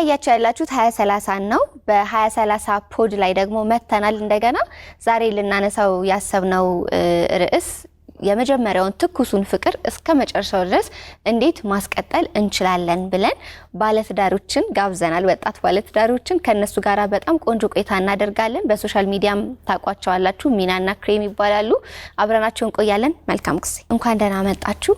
እያያቸው ያላችሁት 2030 ነው። በ2030 ፖድ ላይ ደግሞ መተናል እንደገና። ዛሬ ልናነሳው ያሰብነው ርዕስ የመጀመሪያውን ትኩሱን ፍቅር እስከ መጨረሻው ድረስ እንዴት ማስቀጠል እንችላለን ብለን ባለትዳሮችን ጋብዘናል። ወጣት ባለትዳሮችን ከእነሱ ጋር በጣም ቆንጆ ቆይታ እናደርጋለን። በሶሻል ሚዲያም ታውቋቸዋላችሁ። ሚናና ክሬም ይባላሉ። አብረናቸው እንቆያለን። መልካም ጊዜ። እንኳን ደህና መጣችሁ።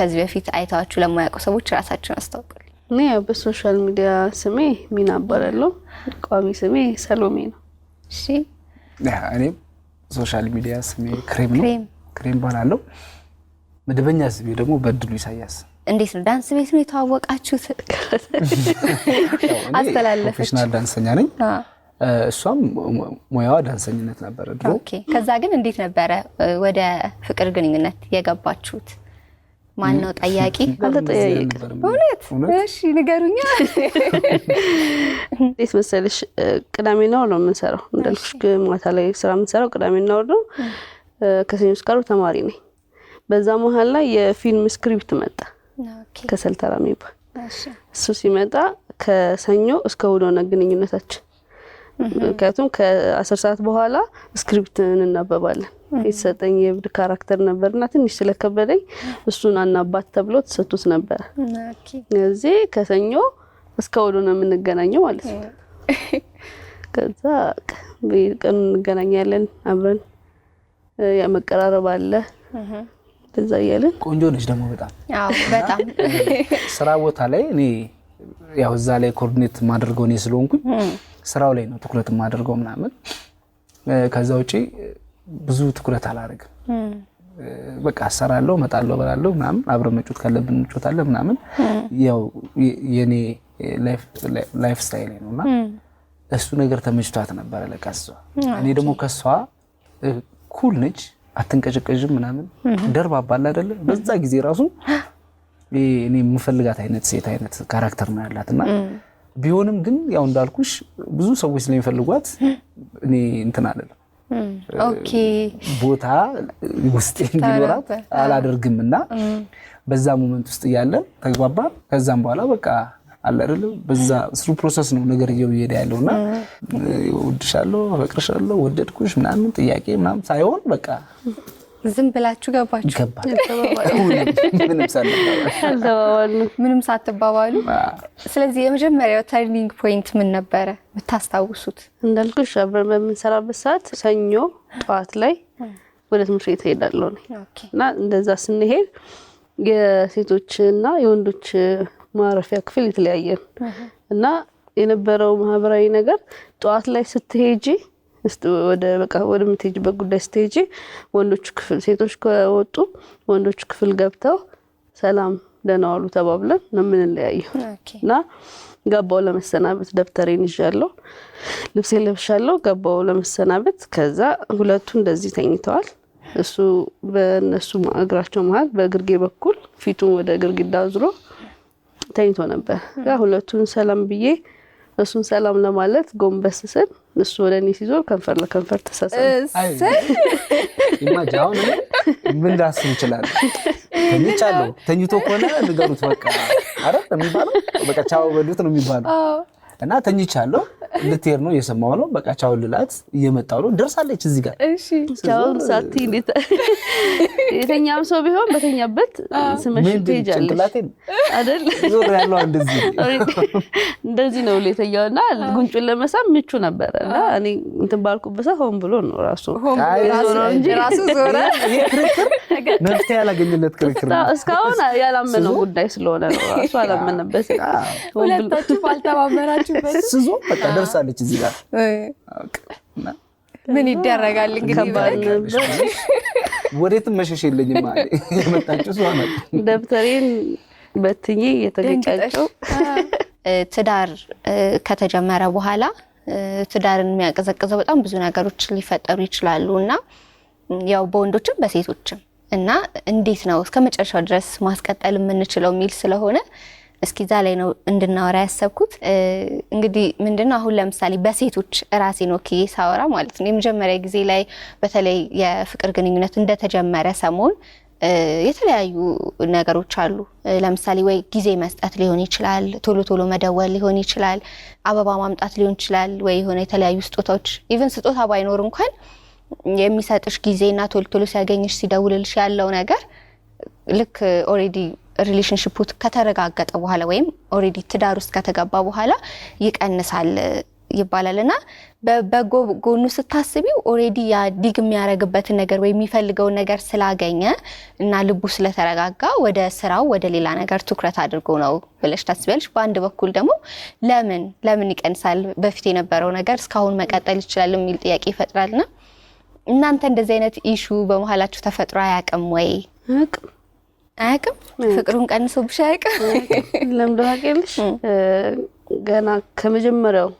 ከዚህ በፊት አይተዋችሁ ለማያውቁ ሰዎች ራሳችሁን አስታውቁ። እኔ በሶሻል ሚዲያ ስሜ ሚና እባላለሁ። ቋሚ ስሜ ሰሎሜ ነው። እሺ፣ እኔም ሶሻል ሚዲያ ስሜ ክሬም ነው። ክሬም እባላለሁ። መደበኛ ስሜ ደግሞ በድሉ ኢሳያስ። እንዴት ነው ዳንስ ቤት ነው የተዋወቃችሁት? አስተላለፈች። ፕሮፌሽናል ዳንሰኛ ነኝ። እሷም ሙያዋ ዳንሰኝነት ነበረ ድሮ። ከዛ ግን እንዴት ነበረ ወደ ፍቅር ግንኙነት የገባችሁት? ማን ነው ጠያቂ? እውነት እሺ፣ ንገሩኛ። እንዴት መሰለሽ ቅዳሜና እሑድ ነው የምንሰራው። እንዳልኩሽ ማታ ላይ ስራ የምንሰራው ቅዳሜና እሑድ ነው። ከሰኞ እስከ ዓርብ ተማሪ ነኝ። በዛ መሀል ላይ የፊልም ስክሪፕት መጣ፣ ከሰልተራ የሚባል እሱ ሲመጣ ከሰኞ እስከ እሑድ ሆነ ግንኙነታችን ምክንያቱም ከአስር ሰዓት በኋላ ስክሪፕት እንናበባለን። የተሰጠኝ የእብድ ካራክተር ነበርና ትንሽ ስለከበደኝ እሱን አናባት ተብሎ ተሰጡት ነበረ። እዚህ ከሰኞ እስከ እሑድ ነው የምንገናኘው ማለት ነው። ከዛ ቀኑ እንገናኛለን አብረን መቀራረብ አለ እዛ እያለን ቆንጆ ነች ደግሞ በጣም በጣም ስራ ቦታ ላይ እኔ ያው እዛ ላይ ኮርዲኔት ማድርገው እኔ ስለሆንኩኝ ስራው ላይ ነው ትኩረት የማደርገው ምናምን። ከዛ ውጪ ብዙ ትኩረት አላደርግም። በቃ አሰራለሁ፣ እመጣለሁ፣ እበላለሁ ምናምን አብረ መጮት ካለብን እንጮታለን ምናምን። ያው የኔ ላይፍ ስታይል ነው እና እሱ ነገር ተመችቷት ነበረ ለካ እኔ ደግሞ ከሷ ኩል ነች፣ አትንቀጭቀዥም ምናምን ደርባባ አለ አይደለ። በዛ ጊዜ ራሱ እኔ የምፈልጋት አይነት ሴት አይነት ካራክተር ነው ያላት እና ቢሆንም ግን ያው እንዳልኩሽ ብዙ ሰዎች ስለሚፈልጓት እኔ እንትን አለለም ቦታ ውስጥ እንዲኖራት አላደርግም እና በዛ ሞመንት ውስጥ እያለ ተግባባ። ከዛም በኋላ በቃ አለ በዛ ስሩ ፕሮሰስ ነው ነገር እየሄደ ያለው እና እወድሻለሁ፣ አፈቅርሻለሁ፣ ወደድኩሽ ምናምን ጥያቄ ምናምን ሳይሆን በቃ ዝም ብላችሁ ገባችሁ። ምንም ሳትባባሉ። ስለዚህ የመጀመሪያው ተርኒንግ ፖይንት ምን ነበረ የምታስታውሱት? እንዳልኩሽ አብረን በምንሰራበት ሰዓት ሰኞ ጠዋት ላይ ወደ ትምህርት ቤት እሄዳለሁ እና እንደዛ ስንሄድ የሴቶች እና የወንዶች ማረፊያ ክፍል የተለያየን እና የነበረው ማህበራዊ ነገር ጠዋት ላይ ስትሄጂ ወደ በቃ ወደምትሄጂበት ጉዳይ ስትሄጂ ወንዶቹ ክፍል ሴቶች ከወጡ ወንዶቹ ክፍል ገብተው ሰላም ደህና ዋሉ ተባብለን ነው የምንለያየው። እና ገባው ለመሰናበት ደብተሬን ይዣለሁ፣ ልብሴን ለብሻለሁ። ገባው ለመሰናበት ከዛ ሁለቱ እንደዚህ ተኝተዋል። እሱ በእነሱ እግራቸው መሀል በግርጌ በኩል ፊቱን ወደ ግርግዳ አዙሮ ተኝቶ ነበር። ሁለቱን ሰላም ብዬ እሱን ሰላም ለማለት ጎንበስ ስል እሱ ወደ እኔ ሲዞር ከንፈር ለከንፈር ተሳሳሁን። ምን ላስብ ይችላል? ተኝቻለሁ። ተኝቶ ከሆነ ንገሩት በቃ አረ የሚባለው በቃ ቻው በሉት ነው የሚባለው። እና ተኝቻለሁ ልትሄድ ነው እየሰማሁ ነው። በቃ ቻው ልላት እየመጣሁ ነው። ደርሳለች እዚህ ጋር የተኛም ሰው ቢሆን በተኛበት ስመሽ ትሄጃለሽ አይደል? እንደዚህ ነው የተኛው እና ጉንጩን ለመሳብ ምቹ ነበረ እና እኔ እንትን ባልኩበት ሆን ብሎ ነው ራሱ መፍትሄ ያላገኘለት ክርክር እስካሁን ያላመነው ጉዳይ ስለሆነ ነው ራሱ አላመነበት ሁለታችሁ ባልተባበራችሁ ስዞ በቃ ደርሳለች እዚህ ጋር ምን ይደረጋል እንግዲህ ወዴትም መሸሽ የለኝም የመጣችው ናት። ደብተሬን በትኜ ትዳር ከተጀመረ በኋላ ትዳርን የሚያቀዘቅዘው በጣም ብዙ ነገሮች ሊፈጠሩ ይችላሉ እና ያው በወንዶችም በሴቶችም እና እንዴት ነው እስከ መጨረሻው ድረስ ማስቀጠል የምንችለው የሚል ስለሆነ እስኪ እዛ ላይ ነው እንድናወራ ያሰብኩት። እንግዲህ ምንድነው አሁን ለምሳሌ በሴቶች ራሴን ወክዬ ሳወራ ማለት ነው የመጀመሪያ ጊዜ ላይ በተለይ የፍቅር ግንኙነት እንደተጀመረ ሰሞን የተለያዩ ነገሮች አሉ። ለምሳሌ ወይ ጊዜ መስጠት ሊሆን ይችላል፣ ቶሎ ቶሎ መደወል ሊሆን ይችላል፣ አበባ ማምጣት ሊሆን ይችላል፣ ወይ የሆነ የተለያዩ ስጦታዎች ኢቨን ስጦታ ባይኖር እንኳን የሚሰጥሽ ጊዜና ቶሎ ቶሎ ሲያገኝሽ ሲደውልልሽ ያለው ነገር ልክ ኦልሬዲ ሪሌሽንሽፑ ከተረጋገጠ በኋላ ወይም ኦልሬዲ ትዳር ውስጥ ከተገባ በኋላ ይቀንሳል ይባላል እና በበጎ ጎኑ ስታስቢው ኦሬዲ ያ ዲግ የሚያደርግበትን ነገር ወይ የሚፈልገውን ነገር ስላገኘ እና ልቡ ስለተረጋጋ ወደ ስራው ወደ ሌላ ነገር ትኩረት አድርጎ ነው ብለሽ ታስቢያለሽ። በአንድ በኩል ደግሞ ለምን ለምን ይቀንሳል በፊት የነበረው ነገር እስካሁን መቀጠል ይችላል የሚል ጥያቄ ይፈጥራልና እናንተ እንደዚህ አይነት ኢሹ በመሀላችሁ ተፈጥሮ አያውቅም ወይ? አያውቅም። ፍቅሩን ቀንሶብሽ አያውቅም። ለምዶ አውቂያለሽ። ገና ከመጀመሪያው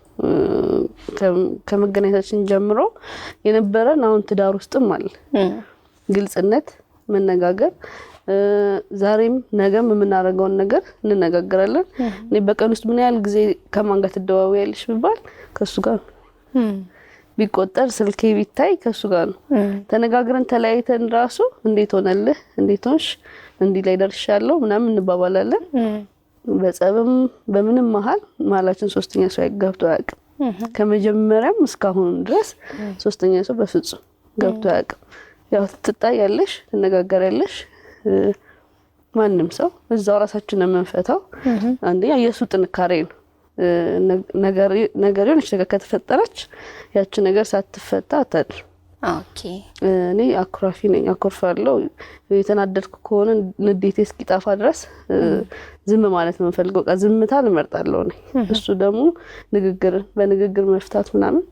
ከመገናኘታችን ጀምሮ የነበረን አሁን ትዳር ውስጥም አለ ግልጽነት፣ መነጋገር ዛሬም ነገም የምናደርገውን ነገር እንነጋገራለን። እኔ በቀን ውስጥ ምን ያህል ጊዜ ከማን ጋር ትደዋወያለሽ ብባል ከእሱ ጋር ቢቆጠር ስልኬ ቢታይ ከሱ ጋር ነው። ተነጋግረን ተለያይተን ራሱ እንዴት ሆነልህ፣ እንዴት ሆንሽ፣ እንዲህ ላይ ደርሻለሁ ምናምን እንባባላለን። በጸብም በምንም መሀል መሀላችን ሶስተኛ ሰው ገብቶ አያውቅም። ከመጀመሪያም እስካሁን ድረስ ሶስተኛ ሰው በፍጹም ገብቶ አያውቅም። ያው ትጣያለሽ፣ ትነጋገሪያለሽ ማንም ሰው እዛው ራሳችን የምንፈታው አንደኛ የእሱ ጥንካሬ ነው። ነገር የሆነች ነገር ከተፈጠረች ያቺ ነገር ሳትፈታ አታድር። እኔ አኩራፊ ነኝ፣ አኮርፋለሁ። የተናደድኩ ከሆነ ንዴቴ እስኪጠፋ ድረስ ዝም ማለት ነው የምፈልገው። በቃ ዝምታ ልመርጣለሁ እኔ። እሱ ደግሞ ንግግር በንግግር መፍታት ምናምን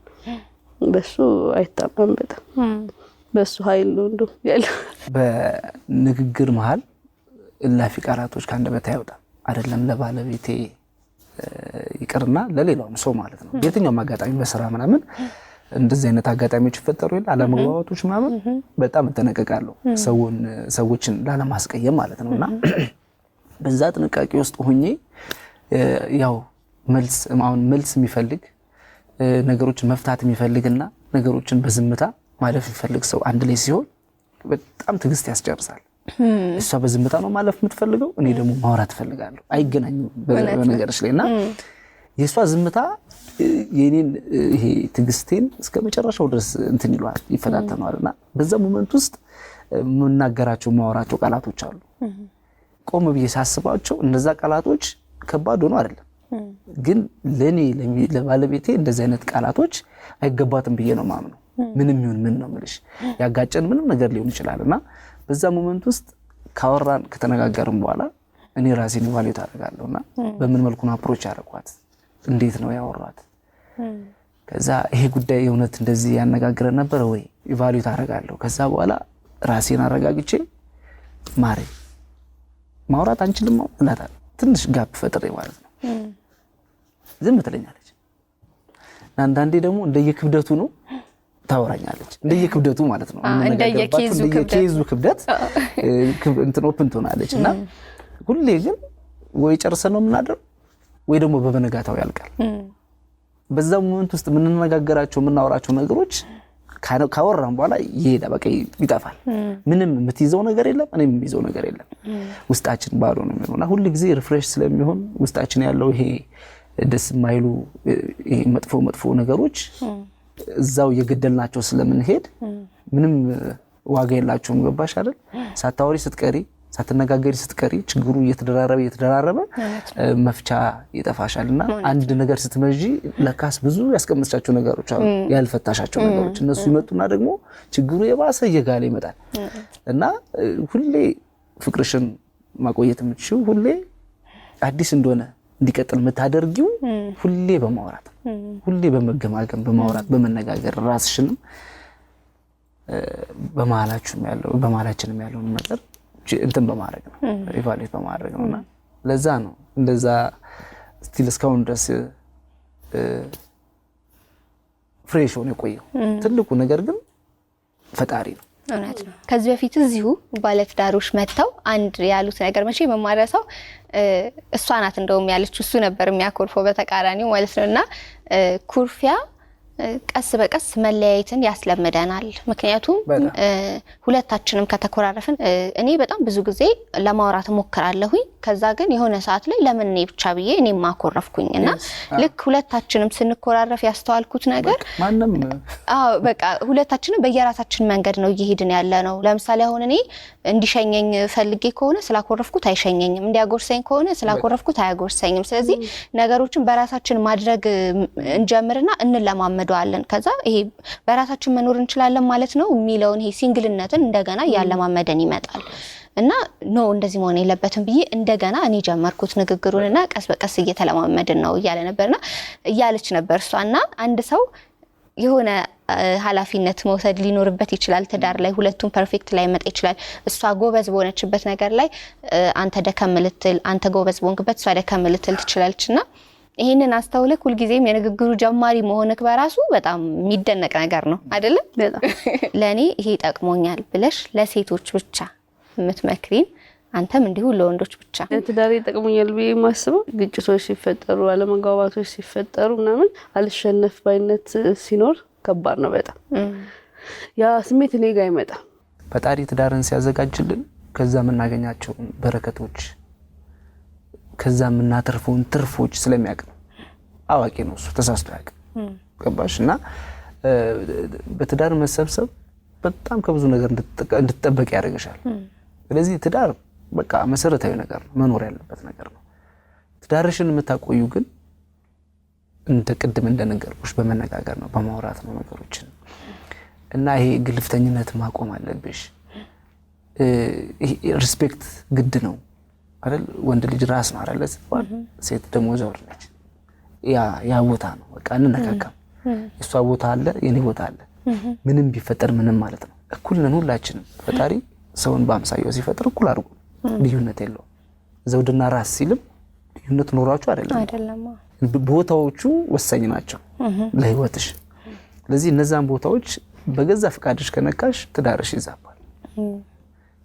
በሱ አይታማም። በጣም በሱ ኃይል ነው እንዶ ያለው። በንግግር መሀል እላፊ ቃላቶች ከአንደበት አይወጣም አይደለም ለባለቤቴ ይቅርና ለሌላውም ሰው ማለት ነው የትኛውም አጋጣሚ በስራ ምናምን እንደዚህ አይነት አጋጣሚዎች ይፈጠሩ ይል አለመግባባቶች ምናምን በጣም እጠነቀቃለሁ፣ ሰዎችን ላለማስቀየም ማለት ነው። እና በዛ ጥንቃቄ ውስጥ ሁኜ ያው መልስ አሁን መልስ የሚፈልግ ነገሮችን መፍታት የሚፈልግና ነገሮችን በዝምታ ማለፍ የሚፈልግ ሰው አንድ ላይ ሲሆን በጣም ትዕግስት ያስጨርሳል። እሷ በዝምታ ነው ማለፍ የምትፈልገው፣ እኔ ደግሞ ማውራት እፈልጋለሁ። አይገናኝም በነገሮች ላይ እና የእሷ ዝምታ የኔን ይሄ ትግስቴን እስከ መጨረሻው ድረስ እንትን ይለዋል፣ ይፈታተነዋል። እና በዛ ሞመንት ውስጥ የምናገራቸው ማወራቸው ቃላቶች አሉ። ቆም ብዬ ሳስባቸው እነዛ ቃላቶች ከባድ ሆኖ አይደለም፣ ግን ለእኔ ለባለቤቴ እንደዚህ አይነት ቃላቶች አይገባትም ብዬ ነው ማምነው። ምንም ይሁን ምን ነው የምልሽ፣ ያጋጨን ምንም ነገር ሊሆን ይችላል እና በዛ ሞመንት ውስጥ ካወራን ከተነጋገርን በኋላ እኔ ራሴን ኢቫሉዌት አደርጋለሁ እና በምን መልኩ አፕሮች ያደርጓት እንዴት ነው ያወሯት፣ ከዛ ይሄ ጉዳይ የእውነት እንደዚህ ያነጋግረን ነበረ ወይ ኢቫሉዌት አደርጋለሁ። ከዛ በኋላ ራሴን አረጋግቼ ማሬ ማውራት አንችልም እላታለሁ። ትንሽ ጋፕ ፈጥሬ ማለት ነው። ዝም ትለኛለች። አንዳንዴ ደግሞ እንደየክብደቱ ነው ታወራኛለች እንደየክብደቱ ማለት ነው። እንደየኬዙ ክብደት እንትን ኦፕን ትሆናለች እና ሁሌ ግን ወይ ጨርሰን ነው የምናደር ወይ ደግሞ በበነጋታው ያልቃል። በዛ ሞመንት ውስጥ የምንነጋገራቸው የምናወራቸው ነገሮች ካወራን በኋላ ይሄዳ በቃ ይጠፋል። ምንም የምትይዘው ነገር የለም፣ እኔ የሚይዘው ነገር የለም። ውስጣችን ባዶ ነው የሚሆነው እና ሁል ጊዜ ሪፍሬሽ ስለሚሆን ውስጣችን ያለው ይሄ ደስ የማይሉ መጥፎ መጥፎ ነገሮች እዛው እየገደልናቸው ስለምንሄድ ምንም ዋጋ የላቸውም። ገባሽ አይደል? ሳታወሪ ስትቀሪ፣ ሳትነጋገሪ ስትቀሪ ችግሩ እየተደራረበ እየተደራረበ መፍቻ ይጠፋሻል። እና አንድ ነገር ስትመዢ ለካስ ብዙ ያስቀመጥሻቸው ነገሮች አሉ፣ ያልፈታሻቸው ነገሮች እነሱ ይመጡና ደግሞ ችግሩ የባሰ እየጋለ ይመጣል። እና ሁሌ ፍቅርሽን ማቆየት የምትችው ሁሌ አዲስ እንደሆነ እንዲቀጥል የምታደርጊው ሁሌ በማውራት ሁሌ በመገማገም በማውራት በመነጋገር ራስሽንም በመሀላችሁም ያለው በመሀላችንም ያለውን ነገር እንትን በማድረግ ነው ኢቫሉዌት በማድረግ ነው። እና ለዛ ነው እንደዛ ስቲል እስካሁን ድረስ ፍሬሽ ሆኖ የቆየው። ትልቁ ነገር ግን ፈጣሪ ነው። እውነት ነው። ከዚህ በፊት እዚሁ ባለትዳሮች መጥተው አንድ ያሉት ነገር መቼ የመማሪያ ሰው እሷ ናት እንደውም ያለች እሱ ነበር የሚያኮርፈው በተቃራኒው ማለት ነው እና ኩርፊያ ቀስ በቀስ መለያየትን ያስለምደናል። ምክንያቱም ሁለታችንም ከተኮራረፍን እኔ በጣም ብዙ ጊዜ ለማውራት እሞክራለሁኝ። ከዛ ግን የሆነ ሰዓት ላይ ለምን እኔ ብቻ ብዬ እኔ ማኮረፍኩኝ እና ልክ ሁለታችንም ስንኮራረፍ ያስተዋልኩት ነገር በቃ ሁለታችንም በየራሳችን መንገድ ነው እየሄድን ያለ ነው። ለምሳሌ አሁን እኔ እንዲሸኘኝ ፈልጌ ከሆነ ስላኮረፍኩት አይሸኘኝም፣ እንዲያጎርሰኝ ከሆነ ስላኮረፍኩት አያጎርሰኝም። ስለዚህ ነገሮችን በራሳችን ማድረግ እንጀምርና እንለማመድ እንለማመደዋለን። ከዛ ይሄ በራሳችን መኖር እንችላለን ማለት ነው የሚለውን ይሄ ሲንግልነትን እንደገና እያለማመደን ይመጣል እና ኖ እንደዚህ መሆን የለበትም ብዬ እንደገና እኔ ጀመርኩት ንግግሩን እና ቀስ በቀስ እየተለማመድን ነው እያለ ነበርና እያለች ነበር እሷ እና አንድ ሰው የሆነ ኃላፊነት መውሰድ ሊኖርበት ይችላል። ትዳር ላይ ሁለቱም ፐርፌክት ላይ መጣ ይችላል። እሷ ጎበዝ በሆነችበት ነገር ላይ አንተ ደከም ልትል፣ አንተ ጎበዝ በሆንክበት እሷ ደከም ልትል ትችላለች እና ይሄንን አስተውለክ ሁልጊዜም የንግግሩ ጀማሪ መሆንክ በራሱ በጣም የሚደነቅ ነገር ነው አይደለም? ለእኔ ይሄ ጠቅሞኛል ብለሽ ለሴቶች ብቻ የምትመክሪን አንተም እንዲሁ ለወንዶች ብቻ ትዳሬ ጠቅሞኛል ብዬ የማስበው ግጭቶች ሲፈጠሩ፣ አለመግባባቶች ሲፈጠሩ ምናምን አልሸነፍ ባይነት ሲኖር ከባድ ነው በጣም ያ ስሜት እኔ ጋ አይመጣም። ፈጣሪ ትዳርን ሲያዘጋጅልን ከዛ የምናገኛቸውን በረከቶች ከዛ የምናተርፈውን ትርፎች ስለሚያውቅ ነው። አዋቂ ነው እሱ፣ ተሳስቶ ያውቅ ገባሽ? እና በትዳር መሰብሰብ በጣም ከብዙ ነገር እንድትጠበቅ ያደርግሻል። ስለዚህ ትዳር በቃ መሰረታዊ ነገር ነው፣ መኖር ያለበት ነገር ነው። ትዳርሽን የምታቆዩ ግን እንደ ቅድም እንደነገርኩሽ በመነጋገር ነው፣ በማውራት ነው ነገሮችን እና ይሄ ግልፍተኝነት ማቆም አለብሽ። ሪስፔክት ግድ ነው። አይደል? ወንድ ልጅ ራስ ነው አይደል? ሲባል ሴት ደግሞ ዘውድ ነች። ያ ያ ቦታ ነው በቃ እንነካካም። የእሷ ቦታ አለ፣ የኔ ቦታ አለ። ምንም ቢፈጠር ምንም ማለት ነው። እኩል ነን ሁላችንም። ፈጣሪ ሰውን በአምሳያው ሲፈጥር እኩል አድርጎ ልዩነት የለውም። ዘውድና ራስ ሲልም ልዩነት ኖሯችሁ አይደለም። ቦታዎቹ ወሳኝ ናቸው ለህይወትሽ። ስለዚህ እነዛን ቦታዎች በገዛ ፈቃድሽ ከነካሽ ትዳርሽ ይዛባል።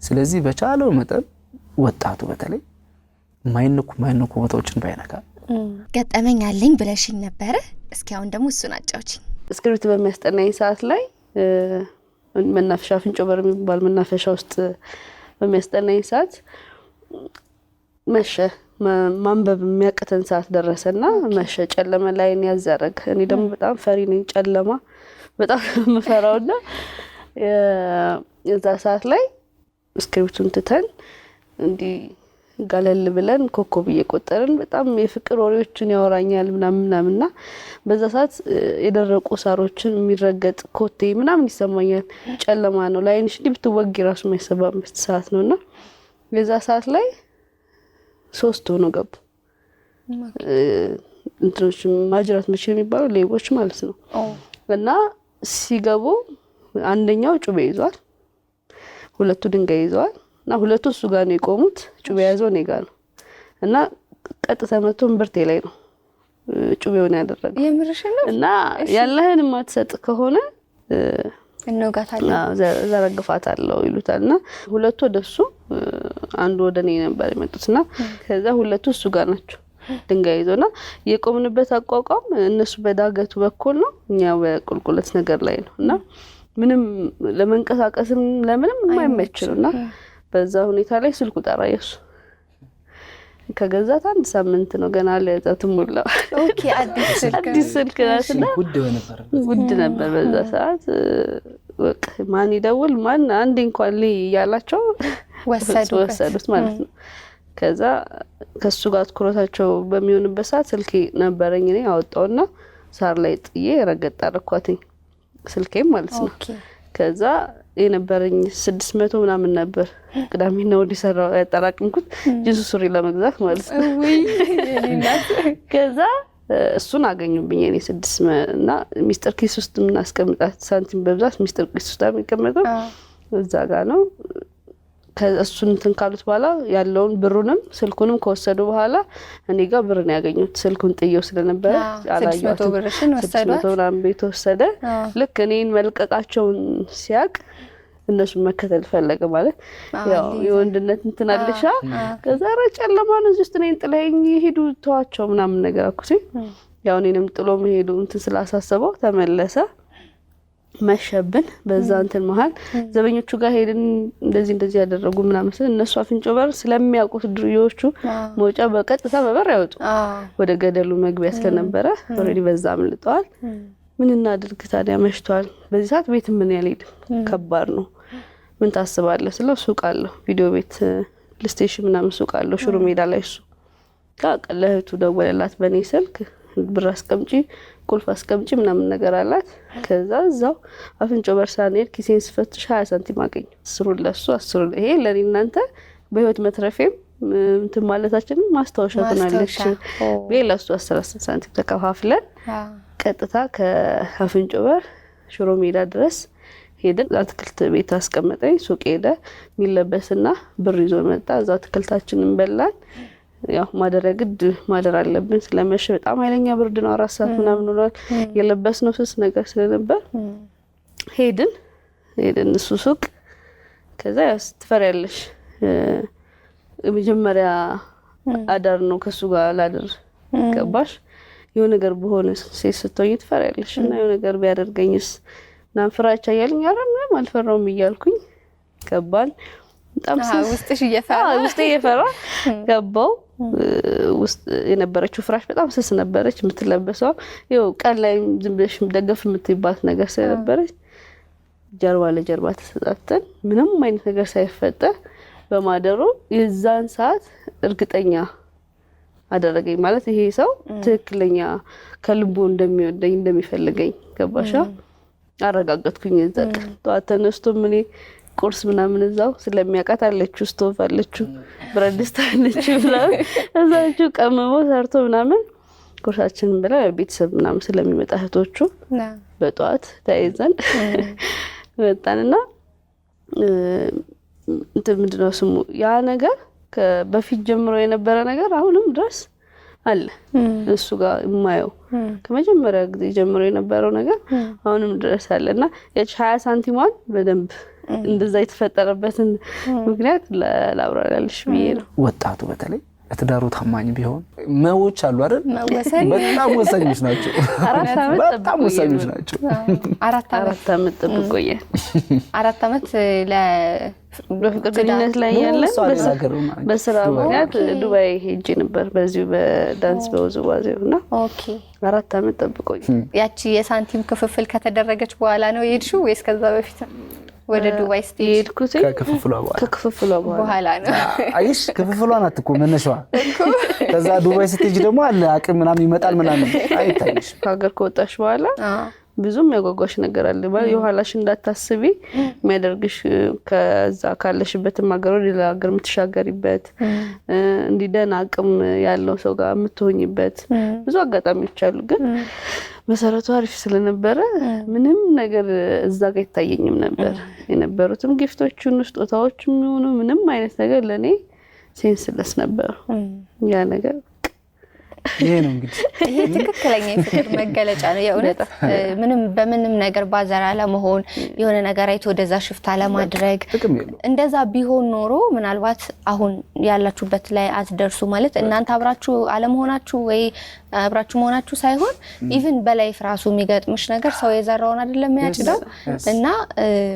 ስለዚህ በቻለው መጠን ወጣቱ በተለይ ማይነኩ ማይነኩ ቦታዎችን ባይነካ ገጠመኝ አለኝ ብለሽኝ ነበረ። እስኪ አሁን ደግሞ እሱን አጫውችኝ። እስክሪብት በሚያስጠናኝ ሰዓት ላይ መናፈሻ ፍንጮ በር የሚባል መናፈሻ ውስጥ በሚያስጠናኝ ሰዓት መሸ። ማንበብ የሚያቅተን ሰዓት ደረሰና መሸ። ጨለመ ላይን ያዘረግ። እኔ ደግሞ በጣም ፈሪ ነኝ። ጨለማ በጣም የምፈራውና የዛ ሰዓት ላይ እስክሪብቱን ትተን እንዲህ ጋለል ብለን ኮከብ እየቆጠርን በጣም የፍቅር ወሬዎችን ያወራኛል ምናምን ምናምን እና በዛ ሰዓት የደረቁ ሳሮችን የሚረገጥ ኮቴ ምናምን ይሰማኛል። ጨለማ ነው፣ ለአይንሽ እንዲህ ብትወጊ ራሱ የማይሰማበት ሰዓት ነው እና የዛ ሰዓት ላይ ሶስት ሆኖ ገቡ እንትኖች ማጅራት መቼ የሚባሉ ሌቦች ማለት ነው። እና ሲገቡ አንደኛው ጩቤ ይዟል፣ ሁለቱ ድንጋይ ይዘዋል እና ሁለቱ እሱ ጋር ነው የቆሙት። ጩቤ ያዘው እኔ ጋር ነው እና ቀጥታ መቶ እምብርቴ ላይ ነው ጩቤውን ያደረገው። እና ያለህን የማትሰጥ ከሆነ ዘረግፋታለሁ ይሉታል። እና ሁለቱ ወደ እሱ አንዱ ወደ እኔ ነበር የመጡት እና ከዛ ሁለቱ እሱ ጋር ናቸው ድንጋይ እና የቆምንበት አቋቋም እነሱ በዳገቱ በኩል ነው፣ እኛ በቁልቁለት ነገር ላይ ነው እና ምንም ለመንቀሳቀስም ለምንም የማይመች ነው እና በዛ ሁኔታ ላይ ስልኩ ጠራ የሱ ከገዛት አንድ ሳምንት ነው ገና ለእጠት ሙላ አዲስ ስልክ ናትና ውድ ነበር በዛ ሰዓት። ማን ይደውል ማን አንዴ እንኳን ልይ እያላቸው ወሰዱት ማለት ነው። ከዛ ከሱ ጋር ትኩረታቸው በሚሆንበት ሰዓት ስልክ ነበረኝ። እኔ አወጣውና ሳር ላይ ጥዬ ረገጥ አረኳትኝ ስልኬም ማለት ነው ከዛ የነበረኝ ስድስት መቶ ምናምን ነበር። ቅዳሜና ወደ ሰራ ያጠራቅምኩት ጅንሱ ሱሪ ለመግዛት ማለት ነው። ከዛ እሱን አገኙብኝ እኔ ስድስት እና ሚስጥር ኪስ ውስጥ የምናስቀምጣት ሳንቲም በብዛት ሚስጥር ኪስ ውስጥ የሚቀመጠው እዛ ጋ ነው። እሱን እንትን ካሉት በኋላ ያለውን ብሩንም ስልኩንም ከወሰዱ በኋላ እኔ ጋር ብር ነው ያገኙት። ስልኩን ጥየው ስለነበረ አላየሁትም። ቤት ወሰደ። ልክ እኔን መልቀቃቸውን ሲያቅ እነሱን መከተል ፈለገ። ማለት ያው የወንድነት እንትን አለሻ። ከዛ ኧረ ጨለማ ነው እዚህ ውስጥ እኔን ጥለኸኝ ሂዱ ተዋቸው ምናምን ነገር አኩሲ ያው እኔንም ጥሎ መሄዱ እንትን ስላሳሰበው ተመለሰ። መሸብን በዛ እንትን መሀል ዘበኞቹ ጋር ሄድን። እንደዚህ እንደዚህ ያደረጉ ምናምን ስል እነሱ አፍንጮ በር ስለሚያውቁት ድርዮቹ መውጫ በቀጥታ በበር ያወጡ ወደ ገደሉ መግቢያ ስለነበረ ኦልሬዲ በዛ አምልጠዋል። ምን እናድርግ ታዲያ መሽቷል። በዚህ ሰዓት ቤት ምን ያልሄድ ከባድ ነው። ምን ታስባለህ ስለው ሱቅ አለሁ ቪዲዮ ቤት ልስቴሽን ምናምን ሱቅ አለሁ ሽሮ ሜዳ ላይ እሱ ጋር ለእህቱ ደወለላት በእኔ ስልክ ብር አስቀምጪ፣ ቁልፍ አስቀምጪ ምናምን ነገር አላት። ከዛ እዛው አፍንጮ በርሳ ሄድ ኪሴን ስፈትሽ ሀያ ሳንቲም አገኘ። አስሩን ለሱ አስሩ ይሄ ለእኔ እናንተ በህይወት መትረፌም እንትን ማለታችንን ማስታወሻ ትናለች። ይሄ ለሱ አስራ ስት ሳንቲም ተከፋፍለን ቀጥታ ከአፍንጮ በር ሽሮ ሜዳ ድረስ ሄደን አትክልት ቤት አስቀመጠኝ። ሱቅ ሄደ የሚለበስና ብር ይዞ መጣ። እዛ አትክልታችንን በላን። ያው ማደሪያ ግድ ማደር አለብን። ስለመሸ በጣም ኃይለኛ ብርድ ነው። አራት ሰዓት ምናምን ሆኗል። የለበስነው ስስ ነገር ስለነበር ሄድን ሄድን እሱ ሱቅ። ከዛ ያው ትፈሪያለሽ። የመጀመሪያ አዳር ነው ከሱ ጋር ላድር ገባሽ። የሆነ ነገር በሆነ ሴት ስትሆኝ ትፈሪያለሽ። እና የሆነ ነገር ቢያደርገኝስ ምናምን ፍራቻ እያለኝ ኧረ ምንም አልፈራውም እያልኩኝ ገባን። በጣም ውስጥሽ እየፈራ ገባው ውስጥ የነበረችው ፍራሽ በጣም ስስ ነበረች። የምትለበሰው ይኸው ቀን ላይ ዝም ብለሽ ደገፍ የምትባት ነገር ስለነበረች ጀርባ ለጀርባ ተሰጣተን ምንም አይነት ነገር ሳይፈጠር በማደሩ የዛን ሰዓት እርግጠኛ አደረገኝ። ማለት ይሄ ሰው ትክክለኛ ከልቦ እንደሚወደኝ እንደሚፈልገኝ ገባሻ? አረጋገጥኩኝ። የዛ ጠዋት ተነስቶ እኔ ቁርስ ምናምን እዛው ስለሚያውቃት አለችው፣ ስቶቭ አለችው፣ ብረት ድስት አለችው ምናምን እዛች ቀምሞ ሰርቶ ምናምን ቁርሳችንን ብላ ቤተሰብ ምናምን ስለሚመጣ እህቶቹ በጠዋት ተያይዘን መጣንና እንትን ምንድነው ስሙ ያ ነገር በፊት ጀምሮ የነበረ ነገር አሁንም ድረስ አለ። እሱ ጋር የማየው ከመጀመሪያ ጊዜ ጀምሮ የነበረው ነገር አሁንም ድረስ አለ እና የች ሀያ ሳንቲሟን በደንብ እንደዛ የተፈጠረበትን ምክንያት ላብራሪያልሽ ብዬ ነው። ወጣቱ በተለይ ለትዳሩ ታማኝ ቢሆን መዎች አሉ አይደል? በጣም ወሳኞች ናቸው። በጣም ወሳኞች ናቸው። አራት ዓመት ጥብ ቆየ። አራት ዓመት በፍቅር ግንኙነት ላይ ያለን በስራ ምክንያት ዱባይ ሄጄ ነበር፣ በዚሁ በዳንስ በውዝዋዜው እና አራት ዓመት ጠብቆኝ። ያቺ የሳንቲም ክፍፍል ከተደረገች በኋላ ነው የሄድሽው ወይስ ከዛ በፊት? ወደ ዱባይ ስትሄድ ከክፍፍሏ በኋላ ነው። አይሽ ክፍፍሏ ናት እኮ መነሻዋ። ከዛ ዱባይ ስትሄጅ ደግሞ አለ አቅም ምናምን ይመጣል ምናምን አይታይሽ። ከሀገር ከወጣሽ በኋላ ብዙም ያጓጓሽ ነገር አለ። የኋላሽ እንዳታስቢ የሚያደርግሽ ከዛ ካለሽበትም ሀገር ወደ ሌላ ሀገር የምትሻገሪበት እንዲደን አቅም ያለው ሰው ጋር የምትሆኝበት ብዙ አጋጣሚዎች አሉ ግን መሰረቱ አሪፍ ስለነበረ ምንም ነገር እዛ ጋር ይታየኝም ነበር። የነበሩትም ጊፍቶቹን ስጦታዎች የሚሆኑ ምንም አይነት ነገር ለእኔ ሴንስለስ ነበሩ። ያ ነገር ይሄ ነው እንግዲህ ይሄ ትክክለኛ የፍቅር መገለጫ ነው። የእውነት ምንም በምንም ነገር ባዘር አለመሆን፣ የሆነ ነገር አይቶ ወደዛ ሽፍታ ለማድረግ እንደዛ ቢሆን ኖሮ ምናልባት አሁን ያላችሁበት ላይ አትደርሱ ማለት እናንተ አብራችሁ አለመሆናችሁ ወይ አብራችሁ መሆናችሁ ሳይሆን ኢቭን በላይፍ ራሱ የሚገጥምሽ ነገር ሰው የዘራውን አይደለም የሚያጭደው እና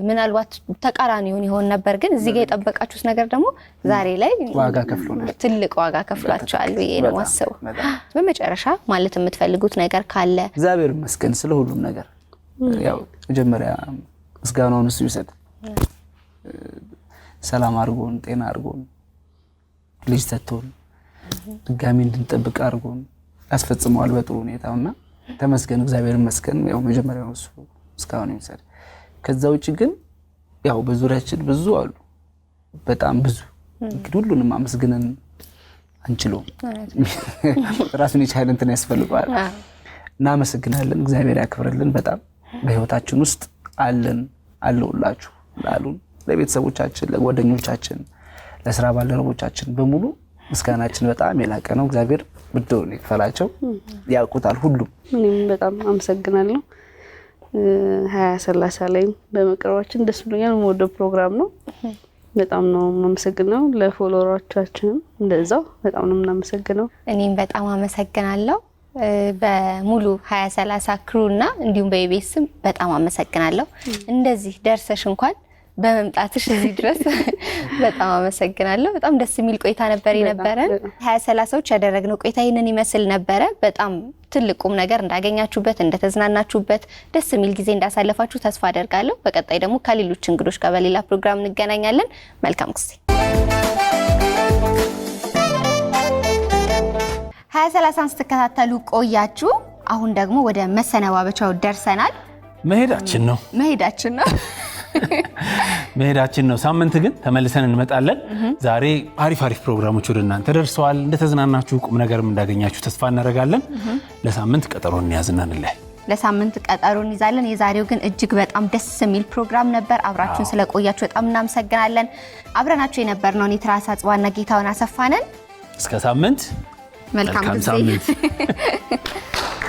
ምናልባት ተቃራኒውን ይሆን ነበር፣ ግን እዚህ ጋር የጠበቃችሁት ነገር ደግሞ ዛሬ ላይ ትልቅ ዋጋ ከፍሏቸዋል ብዬ ነው ማስበው። በመጨረሻ ማለት የምትፈልጉት ነገር ካለ? እግዚአብሔር ይመስገን ስለ ሁሉም ነገር። ያው መጀመሪያ ምስጋናውን እሱ ይሰጥ፣ ሰላም አድርጎን ጤና አድርጎን ልጅ ሰጥቶን ድጋሚ እንድንጠብቅ አድርጎን አስፈጽመዋል በጥሩ ሁኔታው እና ተመስገን እግዚአብሔር መስገን ያው መጀመሪያው እሱ እስካሁን የሚሰድ ከዛ ውጭ ግን ያው በዙሪያችን ብዙ አሉ፣ በጣም ብዙ እንግዲህ ሁሉንም አመስግነን አንችሎም ራሱን የቻለ እንትን ያስፈልገዋል። እናመሰግናለን፣ እግዚአብሔር ያክብርልን። በጣም በህይወታችን ውስጥ አለን አለውላችሁ ላሉን ለቤተሰቦቻችን፣ ለጓደኞቻችን፣ ለስራ ባልደረቦቻችን በሙሉ ምስጋናችን በጣም የላቀ ነው። እግዚአብሔር ብድሩን ይክፈላቸው። ያውቁታል ሁሉም። እኔም በጣም አመሰግናለሁ። ሀያ ሰላሳ ላይም በመቅረባችን ደስ ብሎኛል። የምወደው ፕሮግራም ነው። በጣም ነው የማመሰግነው። ለፎሎወሮቻችንም እንደዛው በጣም ነው የምናመሰግነው። እኔም በጣም አመሰግናለሁ። በሙሉ ሀያ ሰላሳ ክሩና እንዲሁም በኢቢኤስ ስም በጣም አመሰግናለሁ። እንደዚህ ደርሰሽ እንኳን በመምጣትሽ እዚህ ድረስ በጣም አመሰግናለሁ። በጣም ደስ የሚል ቆይታ ነበር የነበረን። ሀያ ሰላሳዎች ያደረግነው ቆይታ ይህንን ይመስል ነበረ። በጣም ትልቅ ቁም ነገር እንዳገኛችሁበት፣ እንደተዝናናችሁበት፣ ደስ የሚል ጊዜ እንዳሳለፋችሁ ተስፋ አደርጋለሁ። በቀጣይ ደግሞ ከሌሎች እንግዶች ጋር በሌላ ፕሮግራም እንገናኛለን። መልካም ጊዜ። ሀያ ሰላሳን ስትከታተሉ ቆያችሁ። አሁን ደግሞ ወደ መሰነባበቻው ደርሰናል። መሄዳችን ነው መሄዳችን ነው መሄዳችን ነው። ሳምንት ግን ተመልሰን እንመጣለን። ዛሬ አሪፍ አሪፍ ፕሮግራሞች ወደ እናንተ ደርሰዋል። እንደተዝናናችሁ ቁም ነገርም እንዳገኛችሁ ተስፋ እናደርጋለን። ለሳምንት ቀጠሮ እንያዝናንለን ለሳምንት ቀጠሮ እንይዛለን። የዛሬው ግን እጅግ በጣም ደስ የሚል ፕሮግራም ነበር። አብራችሁን ስለቆያችሁ በጣም እናመሰግናለን። አብረናችሁ የነበርነው እኔ ትራስ አጽባና ጌታውን አሰፋነን። እስከ ሳምንት መልካም ሳምንት